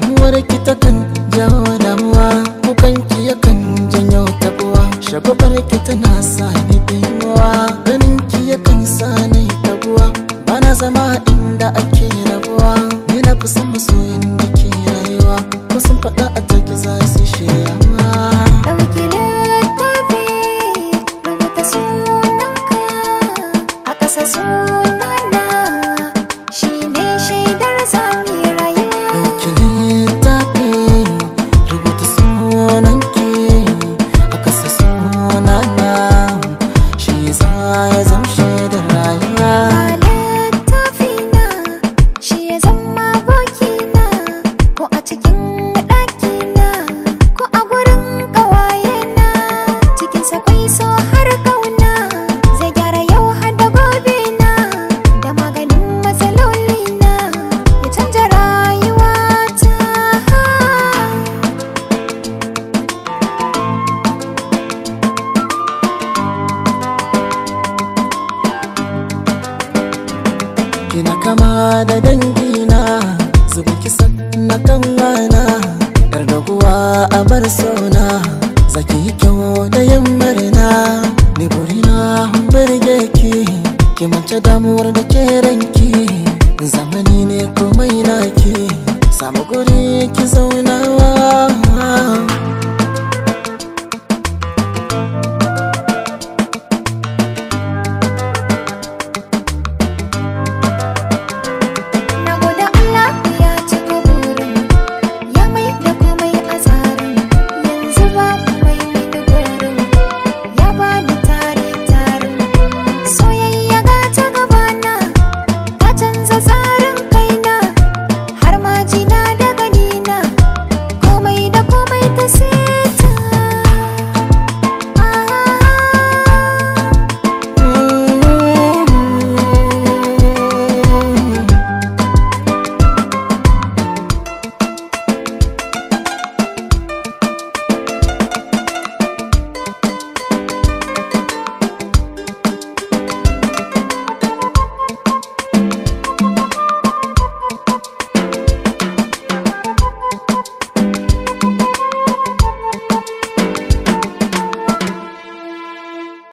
Damuwar ki kan jawo damuwa Kukan ki yakan janyo tabuwa shagobar ki tana sa ni dimuwa Ganin ki yakan sa ni tabuwa Bana zama inda ake rabuwa Ni na fi son masoyin da ke rayuwa Kusan faɗa a kama da dangina zubu kisa na kanwana yar kuwa a bar zaki yi kyau da yin murna ni burina birge ki ki mance damuwar da ke ranki zamani ne komai naki samu guri ki zaunawa